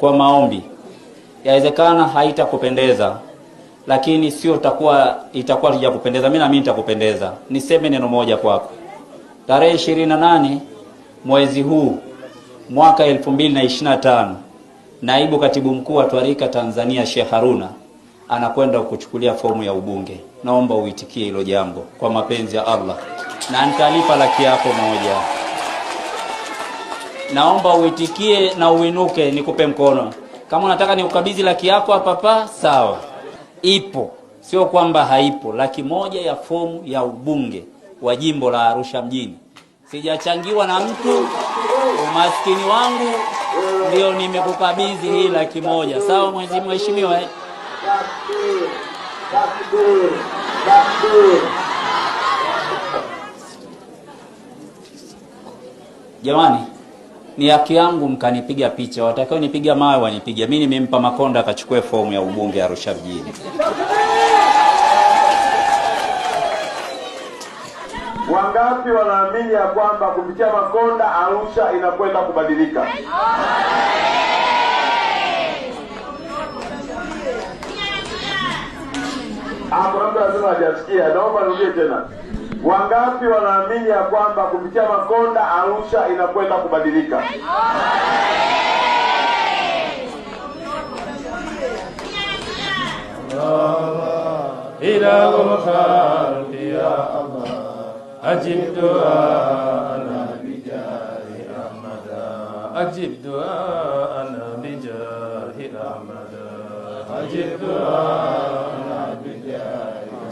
kwa maombi. Yawezekana haitakupendeza, lakini sio itakuwa itakuwa kupendeza. Mimi na mimi nitakupendeza. Niseme neno moja kwako, tarehe ishirini na nane mwezi huu mwaka elfu mbili na ishirini na tano naibu katibu mkuu wa Twarika Tanzania Sheikh Haruna anakwenda kuchukulia fomu ya ubunge. Naomba uitikie hilo jambo kwa mapenzi ya Allah, na nitalipa laki yako moja naomba uitikie na uinuke nikupe mkono. Kama unataka niukabidhi laki yako hapa hapa, sawa, ipo, sio kwamba haipo. Laki moja ya fomu ya ubunge wa jimbo la Arusha mjini, sijachangiwa na mtu, umaskini wangu ndio nimekukabidhi hii laki moja. Sawa mwezi mheshimiwa, eh? Jamani ni haki yangu mkanipiga picha, watakao nipiga mawe wanipiga Mimi nimempa Makonda akachukue fomu ya ubunge Arusha mjini. Wangapi wanaamini ya kwamba kupitia Makonda Arusha inakwenda kubadilika? Hapo mtu lazima hajasikia, naomba nirudie tena. Wangapi wanaamini ya kwamba kupitia Makonda Arusha inakwenda kubadilika?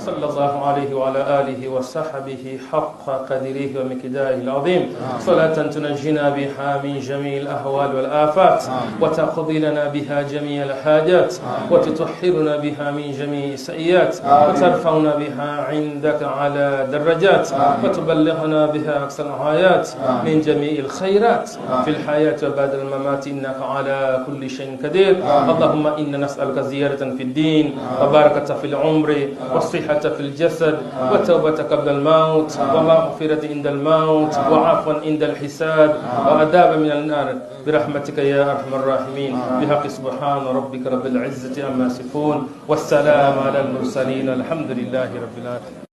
صلى الله عليه وعلى آله وصحبه حق قدره ومقداره العظيم صلاة تنجينا بها من جميع الأهوال والآفات وتقضي لنا بها جميع الحاجات وتطهرنا بها من جميع السيئات وترفعنا بها عندك على درجات وتبلغنا بها أكثر الغايات من جميع الخيرات في الحياة وبعد الممات إنك على كل شيء قدير اللهم إنا نسألك زيارة في الدين وبركة في العمر والصحة الصحة في الجسد والتوبة قبل الموت ومغفرة عند الموت وعفوا عند الحساب وأداب من النار برحمتك يا أرحم الراحمين بحق سبحان ربك رب العزة أما يصفون والسلام على المرسلين الحمد لله رب العالمين